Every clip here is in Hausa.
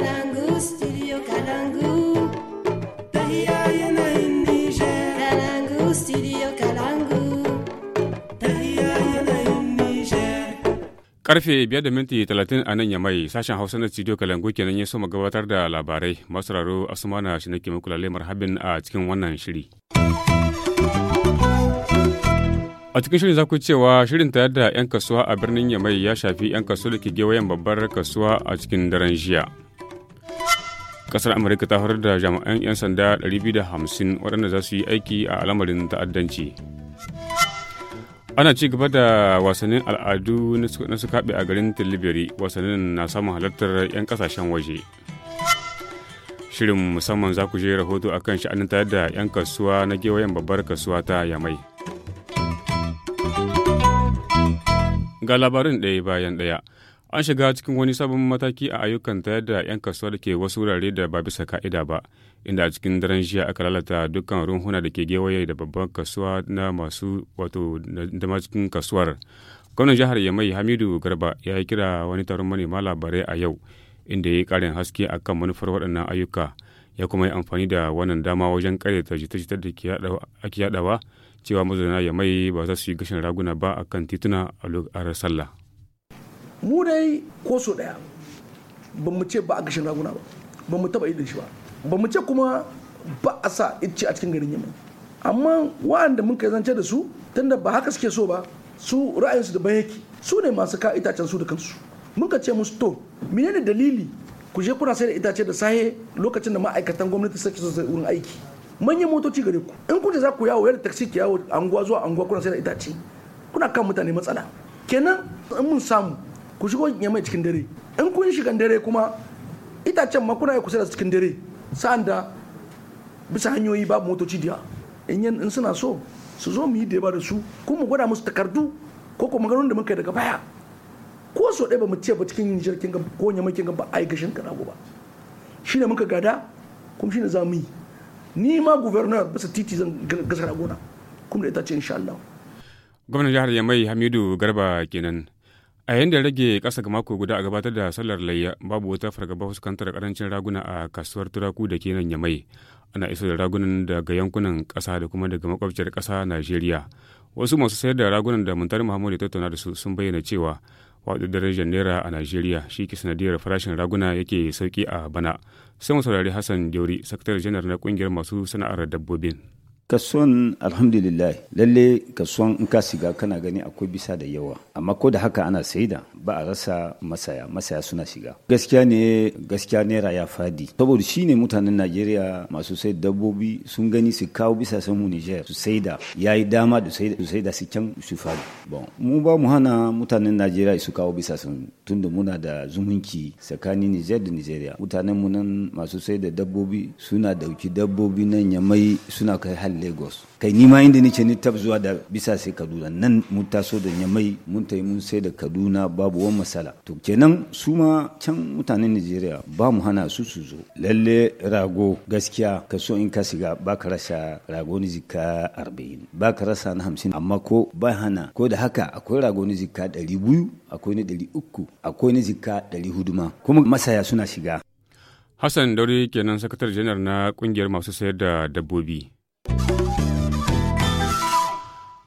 biya Karfe biyar da minti talatin a nan ya mai sashen Hausa na studio Kalangu kenan ya soma gabatar da labarai. Masararo Asmana shi nake muku marhabin a cikin wannan shiri. a cikin shirin za ku cewa shirin ta da 'yan kasuwa a birnin yamai ya shafi 'yan kasuwa da ke gewayen babbar kasuwa a cikin daren jiya kasar amurka ta horar da jami'an 'yan sanda 250 waɗanda za su yi aiki a al'amarin ta'addanci ana ci gaba da wasannin al'adu na su kaɓe a garin tilibiri wasannin na samun halartar 'yan kasashen waje shirin musamman za ku je rahoto a kan sha'anin tare da 'yan kasuwa na gewayen babbar kasuwa ta yamai ga labarin ɗaya bayan ɗaya an shiga cikin wani sabon mataki a ayyukan ta yadda 'yan kasuwa da ke wasu wurare da ba bisa ka'ida ba inda a cikin daren jiya aka lalata dukkan runhuna da ke gewaye da babban kasuwa na masu wato da cikin kasuwar gwamnan jihar yamai hamidu garba ya yi kira wani taron manema labarai a yau inda ya yi karin haske akan manufar waɗannan ayyuka ya kuma yi amfani da wannan dama wajen karyata jita jita da ake yadawa cewa mazauna yamai ba za su yi gashin raguna ba akan tituna a sallah. mu dai ko so daya ba mu ce ba a gashin raguna ba ba mu taba idan shi ba ba mu ce kuma ba a sa ice a cikin garin yamma amma waɗanda mun kai zance da su tunda ba haka suke so ba su ra'ayinsu da ban yake su ne masu ka itacen su da kansu mun ka ce musu to menene dalili ku je kuna sai da itace da sahe lokacin da ma'aikatan gwamnati suke so sai wurin aiki manyan motoci gare ku in kun za ku yawo yadda taxi ke yawo anguwa zuwa anguwa kuna sai da itace kuna kan mutane matsala kenan in mun samu ku shigo yamai cikin dare in kun shiga dare kuma itacen ma kuna kusa da cikin dare sa'an da bisa hanyoyi babu motoci diya in suna so su zo mu yi da da su kuma mu gwada musu takardu ko kuma maganin da muka yi daga baya ko so ɗaya ba mu ce ba cikin nijar kin ko nyamai kin ba ai gashin kana ba shi ne muka gada kuma shi ne za mu yi ni ma guvernor bisa titi zan gasa ragona kuma da ita ce insha Allah gwamnan jihar yamai hamidu garba kenan a yayin rage ƙasa ga mako guda a gabatar da sallar layya babu wata fargaba fuskantar karancin raguna a kasuwar turaku da ke nan yamai ana iso da ragunan daga yankunan ƙasa da kuma daga makwabciyar ƙasa najeriya wasu masu sayar da ragunan da muntar muhammadu ya tattauna da su sun bayyana cewa waɗu darajar naira a najeriya shi ke sanadiyar farashin raguna yake sauki a bana sai mu saurari hassan jauri sakatare janar na ƙungiyar masu sana'ar dabbobin kason alhamdulillah lalle son in ka shiga kana gani akwai bisa da yawa amma ko da haka ana saida ba a rasa masaya masaya suna shiga gaskiya ne gaskiya naira ya fadi saboda shine mutanen Najeriya masu sai dabbobi sun gani su kawo bisa san mu Niger su saida yi dama da su saida su can su fadi bon mu ba mu hana mutanen Najeriya su kawo bisa san tunda muna da zumunci tsakanin Niger da Nigeria mutanen mu nan masu sai da dabbobi suna dauki dabbobi nan ya mai suna kai hali lagos kai nima yin ni ce ni tab zuwa da bisa sai kaduna nan mun taso da nyamai mun tai mun sai da kaduna babu wani masala to kenan su ma can mutanen nigeria ba mu hana su su zo lalle rago gaskiya kaso in ka shiga ba ka rasa rago ni zika arba'in ba ka rasa na hamsin amma ko ba hana ko da haka akwai rago ni zika ɗari biyu akwai na ɗari uku akwai na zika ɗari hudu ma kuma masaya suna shiga Hassan Daure kenan sakatar janar na kungiyar masu sayar da dabbobi.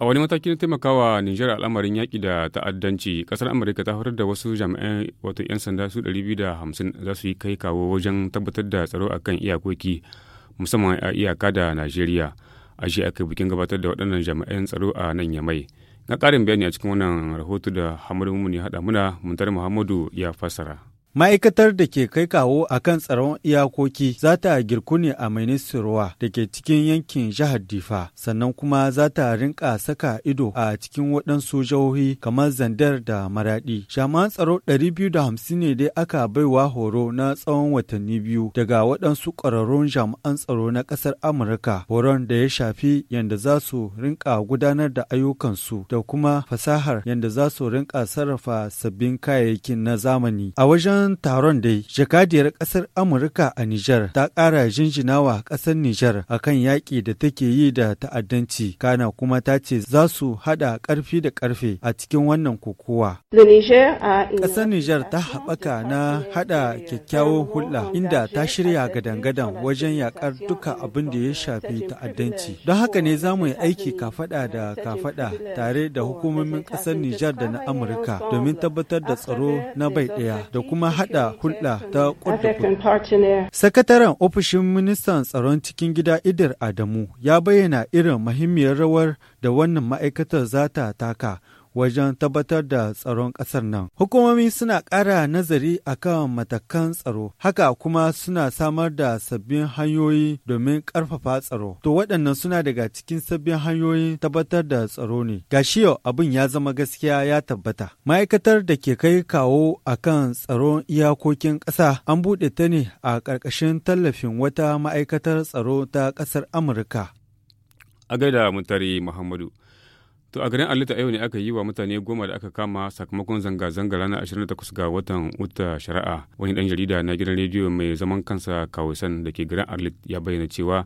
a wani mataki na taimakawa nijar al'amarin yaƙi da ta'addanci ƙasar amurka ta horar da wasu jami'an wato 'yan sanda su 250 za su yi kai kawo wajen tabbatar da tsaro akan iyakoki musamman a iyaka da najeriya a shi aka bikin gabatar da waɗannan jami'an tsaro a nan yamai na ƙarin bayani a cikin wannan rahoto da hamadu mumuni haɗa muna muntar muhammadu ya fassara Ma'aikatar da ke kai kawo a kan tsaron iyakoki za ta girku ne a Minisirwa da ke cikin yankin jihar Difa, sannan kuma za ta rinka saka ido a cikin waɗansu jihohi kamar Zandar da Maraɗi. Jami'an tsaro 250 ne dai aka baiwa horo na tsawon watanni biyu daga waɗansu ƙwararrun jami'an tsaro na ƙasar Amurka, horon da ya shafi yadda za su rinka gudanar da ayyukansu da kuma fasahar yadda za su rinka sarrafa sabbin kayayyakin na zamani. A wajen bayan taron dai, jakadiyar ƙasar Amurka a Nijar ta ƙara jinjinawa ƙasar Nijar kan yaƙi da take yi da ta'addanci, kana kuma ta ce za su haɗa ƙarfi da ƙarfe a cikin wannan kokowa. Ƙasar Nijar ta haɓaka na haɗa kyakkyawar hulɗa inda ta shirya gadangadan wajen yaƙar duka abin da ya shafi ta'addanci. Don haka ne za mu yi aiki kafaɗa da kafaɗa tare da hukumomin ƙasar Nijar da na Amurka domin tabbatar da tsaro na bai ɗaya da kuma haɗa hulɗa ta ƙudurku. Sakataren ofishin ministan tsaron cikin gida Idir Adamu ya bayyana irin muhimmiyar rawar da wannan ma'aikatar za ta taka wajen tabbatar da tsaron ƙasar nan. Hukumomi suna ƙara nazari a kan matakan tsaro, haka kuma suna samar da sabbin hanyoyi domin ƙarfafa tsaro. To waɗannan suna daga cikin sabbin hanyoyin tabbatar da tsaro ne. Gashi yau abin ya zama gaskiya ya tabbata. Ma'aikatar da ke kai kawo a kan tsaron iyakokin ƙasa an buɗe ta ne a ƙarƙashin tallafin wata ma'aikatar tsaro ta ƙasar Amurka. A gaida Muhammadu. To a garin Alita yau ne aka yi wa mutane goma da aka kama sakamakon zanga-zanga ranar 28 ga watan Uta shari'a. Wani dan jarida na gidan rediyo mai zaman kansa kawasan da ke garin Arlit ya bayyana cewa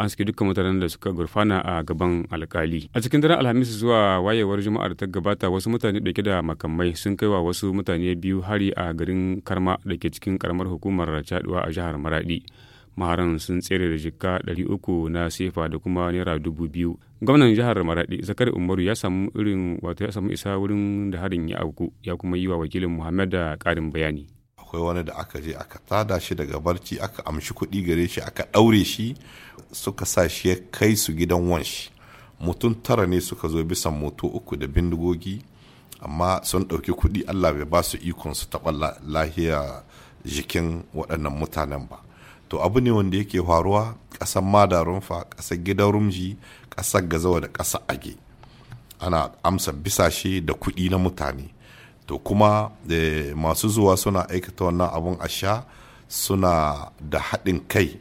an saki dukkan mutanen da suka gurfana a gaban alkali. A cikin daren Alhamis zuwa wayewar Juma'ar ta gabata wasu mutane dauke da makamai sun kai wa wasu mutane biyu hari a garin Karma da ke cikin karamar hukumar Chaduwa a jihar Maradi. maharan sun tsere da jikka 300 na sefa da kuma naira dubu biyu gwamnan jihar maraɗi zakar umaru ya samu irin wato ya samu isa wurin da harin ya auku ya kuma yi wa wakilin muhammad da karin bayani akwai wani da aka je aka tada shi daga barci aka amshi kuɗi gare shi aka ɗaure shi suka sa shi ya kai su gidan wanshi mutum tara ne suka zo bisan moto uku da bindigogi amma sun ɗauki kuɗi allah bai ba su ikon su taɓa lahiya jikin waɗannan mutanen ba to abu ne wanda yake faruwa ƙasar rumfa, ƙasar gidan rumji ƙasar gazawa da ƙasar age ana amsa bisashe da kuɗi na mutane to kuma eh, masu zuwa suna aikata wannan abun a sha suna da haɗin kai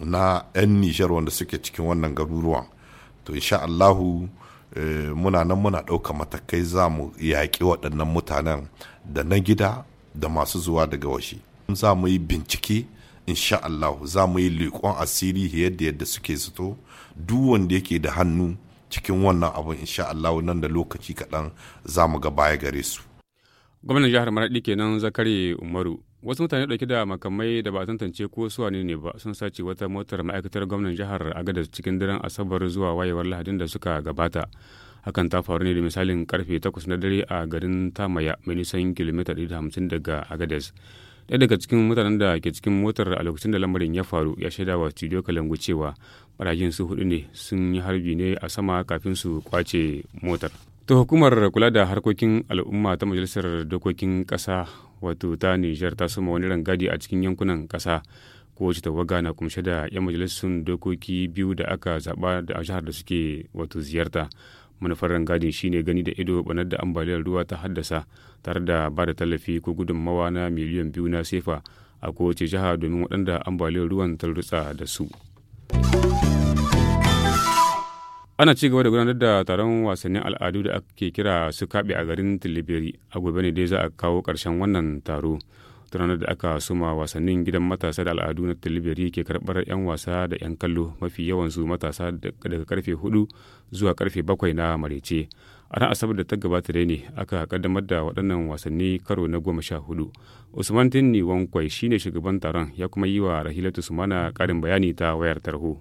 na 'yan nijar wanda suke cikin wannan garuruwan to insha allahu eh, muna nan muna ɗauka matakai za mu yaƙi waɗannan mutanen da na gida da masu zuwa daga washe za mu yi bincike insha Allah za mu yi leƙon asiri yadda yadda suke zato duk wanda yake da hannu cikin wannan abin insha Allah nan da lokaci kaɗan za mu ga baya gare su. Gwamnan jihar Maraɗi kenan Zakari Umaru wasu mutane dauke da makamai da ba tantance ko su wane ne ba sun sace wata motar ma'aikatar gwamnan jihar agadez cikin daren asabar zuwa wayewar lahadin da suka gabata hakan ta faru ne da misalin karfe 8 na dare a garin tamaya mai nisan kilomita 150 daga agadez ɗaya daga cikin mutanen da ke cikin motar a lokacin da lamarin ya faru ya shaida wa studio kalangu cewa barayin su hudu ne sun yi harbi ne a sama kafin su kwace motar ta hukumar kula da harkokin al'umma ta majalisar dokokin ƙasa wato ta nijar ta suma wani rangadi a cikin yankunan ƙasa kowace waga na kumshe da 'yan majalisun dokoki biyu da aka zaɓa a jihar da suke wato ziyarta manufar rangadin shine gani da ido banar da ambaliyar ruwa ta haddasa tare da ba da tallafi ko gudunmawa na miliyan biyu na sefa a kowace jiha domin waɗanda ambaliyar ruwan ta rutsa da su ana ci gaba da gudanar da taron wasannin al'adu da ake kira su kaɓe a garin tilibiri a gobe ne dai za a kawo ƙarshen wannan taro ta ranar da aka suma wasannin gidan matasa da al'adu na talibiri ke karɓar 'yan wasa da 'yan kallo mafi yawan su matasa daga karfe 4 zuwa karfe 7 na marece a ran asabar da ta gabata dai ne aka kaddamar da waɗannan wasanni karo na goma sha hudu usman tinni wankwai shine shugaban taron ya kuma yi wa rahilatu sumana karin bayani ta wayar tarho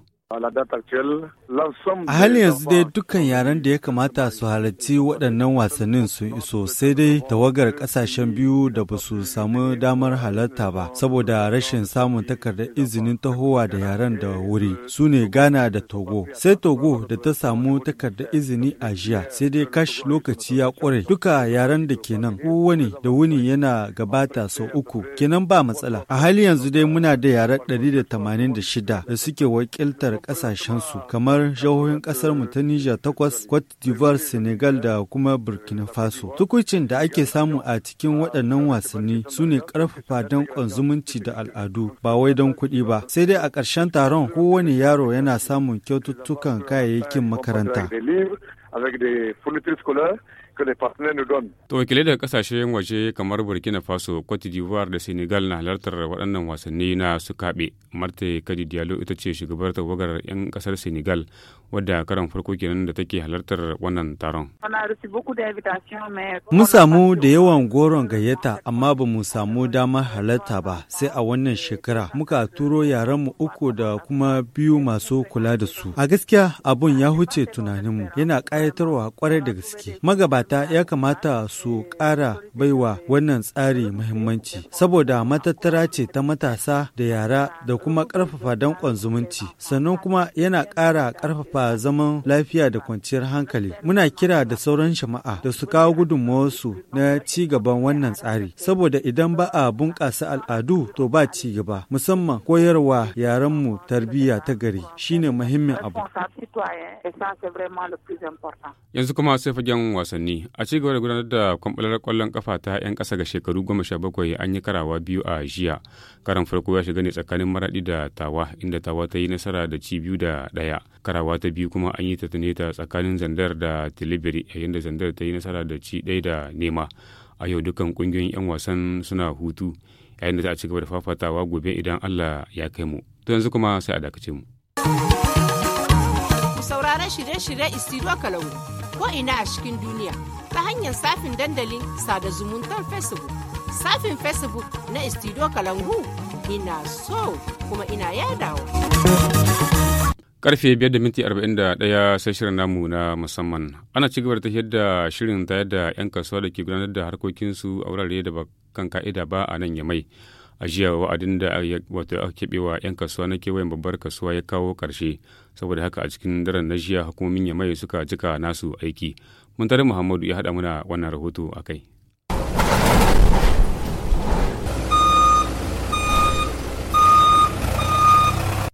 A hali yanzu dai dukkan yaren da ya kamata su halarci waɗannan wasannin sun iso sai dai tawagar ƙasashen biyu da ba su samu damar halarta ba saboda rashin samun takardar izinin tahowa da yaren da wuri su ne Ghana da Togo. Sai Togo da ta samu takardar izini a jiya sai dai kash lokaci ya ƙware duka yaren da kenan, nan kowane da wuni yana gabata sau uku kenan ba matsala. A hali yanzu dai muna da yaren 186 da suke wakiltar ƙasashensu kamar kamar jihohin kasar mu ta Niger takwas, Cote d'Ivoire, Senegal da kuma Burkina Faso. Tukucin da ake samu a cikin waɗannan wasanni su ne ƙarfafa danƙon zumunci da al'adu ba wai don kuɗi ba. Sai dai a ƙarshen taron kowane yaro yana samun kyaututtukan kayayyakin makaranta. que les partenaires To daga kasashen waje kamar Burkina Faso, Cote d'Ivoire da Senegal na halartar waɗannan wasanni na su kaɓe. Marta Kadi Diallo ita ce shugabar tawagar 'yan ƙasar Senegal wadda karan farko kenan da take halartar wannan taron. Mun samu da yawan goron gayyata amma ba mu samu damar halarta ba sai a wannan shekara muka turo yaranmu uku da kuma biyu masu kula da su. A gaskiya abun ya huce tunaninmu yana ƙayatarwa kwarai da gaske. Magabata mata ya kamata su ƙara baiwa wannan tsari muhimmanci saboda matattara ce ta matasa da yara da kuma ƙarfafa danƙon zumunci sannan kuma yana ƙara ƙarfafa zaman lafiya da kwanciyar hankali muna kira da sauran shama'a da su kawo gudunmawarsu na ci gaban wannan tsari saboda idan ba a bunƙasa al'adu to ba ci gaba musamman koyarwa yaranmu tarbiyya ta gari shine muhimmin abu yanzu kuma sai fagen wasanni ne a ci gaba da gudanar da kwamɓalar kwallon kafa ta 'yan kasa ga shekaru goma sha bakwai an yi karawa biyu a jiya karan farko ya shiga ne tsakanin maradi da tawa inda tawa ta yi nasara da ci biyu da ɗaya karawa ta biyu kuma an yi ta tune ta tsakanin zandar da tilibiri yayin da zandar ta yi nasara da ci daya da nema a yau dukkan ƙungiyoyin 'yan wasan suna hutu yayin da za a ci gaba da fafatawa gobe idan allah ya kai mu to yanzu kuma sai a dakace mu sauraron shirye-shirye istiro ko'ina a cikin duniya ta hanyar safin dandalin sada zumuntar facebook safin facebook na istido kalangu ina so kuma ina yadawa karfe 5.41 sai shirin namu na musamman ana cigaba gaba da tafiyar da shirin ta yadda 'yan kasuwa da ke gudanar da harkokinsu a wurare da kan ka'ida ba a nan ya mai. a jiya wa'adin da wato aka keɓe wa 'yan kasuwa na kewayen babbar kasuwa ya kawo karshe saboda haka a cikin daren na jiya hukumomin ya mai suka cika nasu aiki muntari muhammadu ya haɗa muna wannan rahoto a kai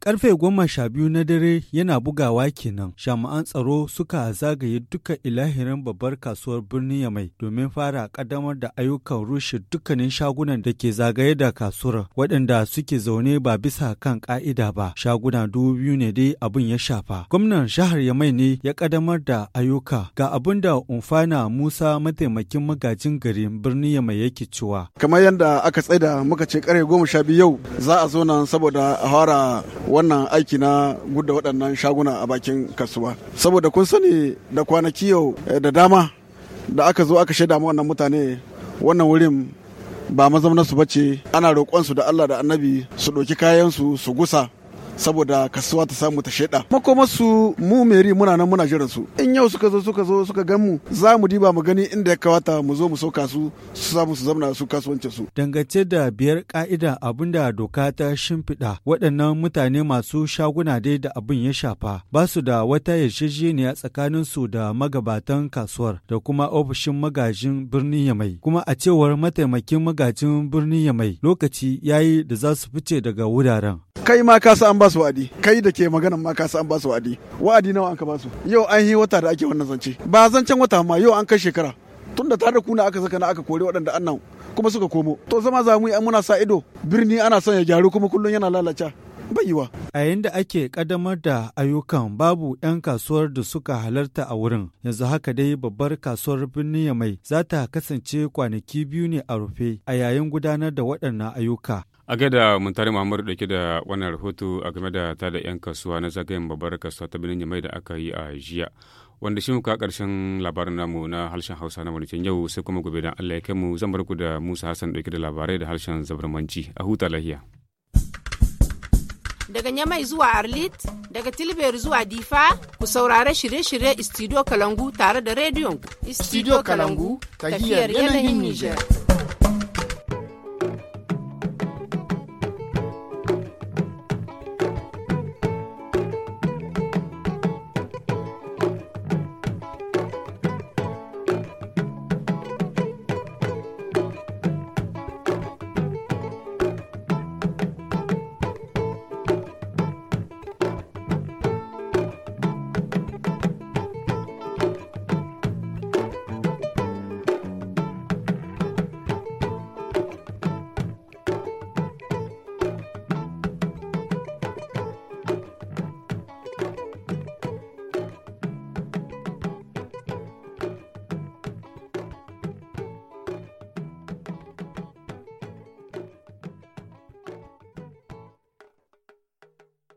Karfe goma sha biyu na dare yana bugawa kenan, jami'an tsaro suka zagaye duka ilahirin babbar kasuwar birnin Yamai domin fara kaddamar da ayyukan rushe dukkanin shagunan da ke zagaye da kasuwar waɗanda suke zaune ba bisa kan ka'ida ba. Shaguna dubu biyu ne dai abin ya shafa. Gwamnan jihar Yamai ne ya kaddamar da ayyuka ga abin da Umfana Musa mataimakin magajin gari birnin Yamai yake cewa. Kamar yadda aka tsaida muka ce kare goma sha biyu yau za a zo nan saboda a fara wannan aiki na gudda waɗannan shaguna a bakin kasuwa saboda kun sani da kwanaki yau eh, da dama da aka zo aka shaida wannan mutane wannan wurin ba mazaunar ba ce ana roƙon da Allah da Annabi su ɗauki kayansu su gusa saboda kasuwa ta samu ta sheda su mu meri muna nan muna jiran su in yau suka zo suka zo suka gan mu za mu diba mu gani inda ya kawata mu zo mu sauka su su samu su zamna su kasuwancin su dangance da biyar ka'ida abinda doka ta shimfiɗa waɗannan mutane masu shaguna dai da abin ya shafa ba su da wata yarjejeniya tsakanin su da magabatan kasuwar da kuma ofishin magajin birnin yamai kuma a cewar mataimakin magajin birnin yamai lokaci yayi da za su fice daga wuraren kai ma ka an ba su wa'adi kai da ke magana ma ka an ba wa'adi wa'adi nawa an ka ba yau an yi wata da ake wannan zance ba zancen wata ma yau an kai shekara tunda tare da kuna aka saka na aka kore waɗanda annan kuma suka komo to zama za mu yi muna sa ido birni ana son ya gyaru kuma kullum yana lalaca baiwa. A yadda ake kadamar da ayyukan babu 'yan kasuwar da suka halarta a wurin, yanzu haka dai babbar kasuwar birnin mai za ta kasance kwanaki biyu ne a rufe a yayin gudanar da waɗannan ayyuka. a gaida muntari muhammadu dauke da wannan rahoto a game da ta da 'yan kasuwa na zagayen babbar kasuwa ta birnin yamai da aka yi a jiya wanda shi muka karshen labarin namu na harshen hausa na wancan yau sai kuma gobe da allah ya kai mu zan bar ku da musa hassan dauke da labarai da harshen zabarmanci a huta lahiya daga Nyamai zuwa Arlit, daga Tilber zuwa Difa, ku saurare shirye-shirye Studio Kalangu tare da rediyon Studio Kalangu, tafiyar yanayin Nijar.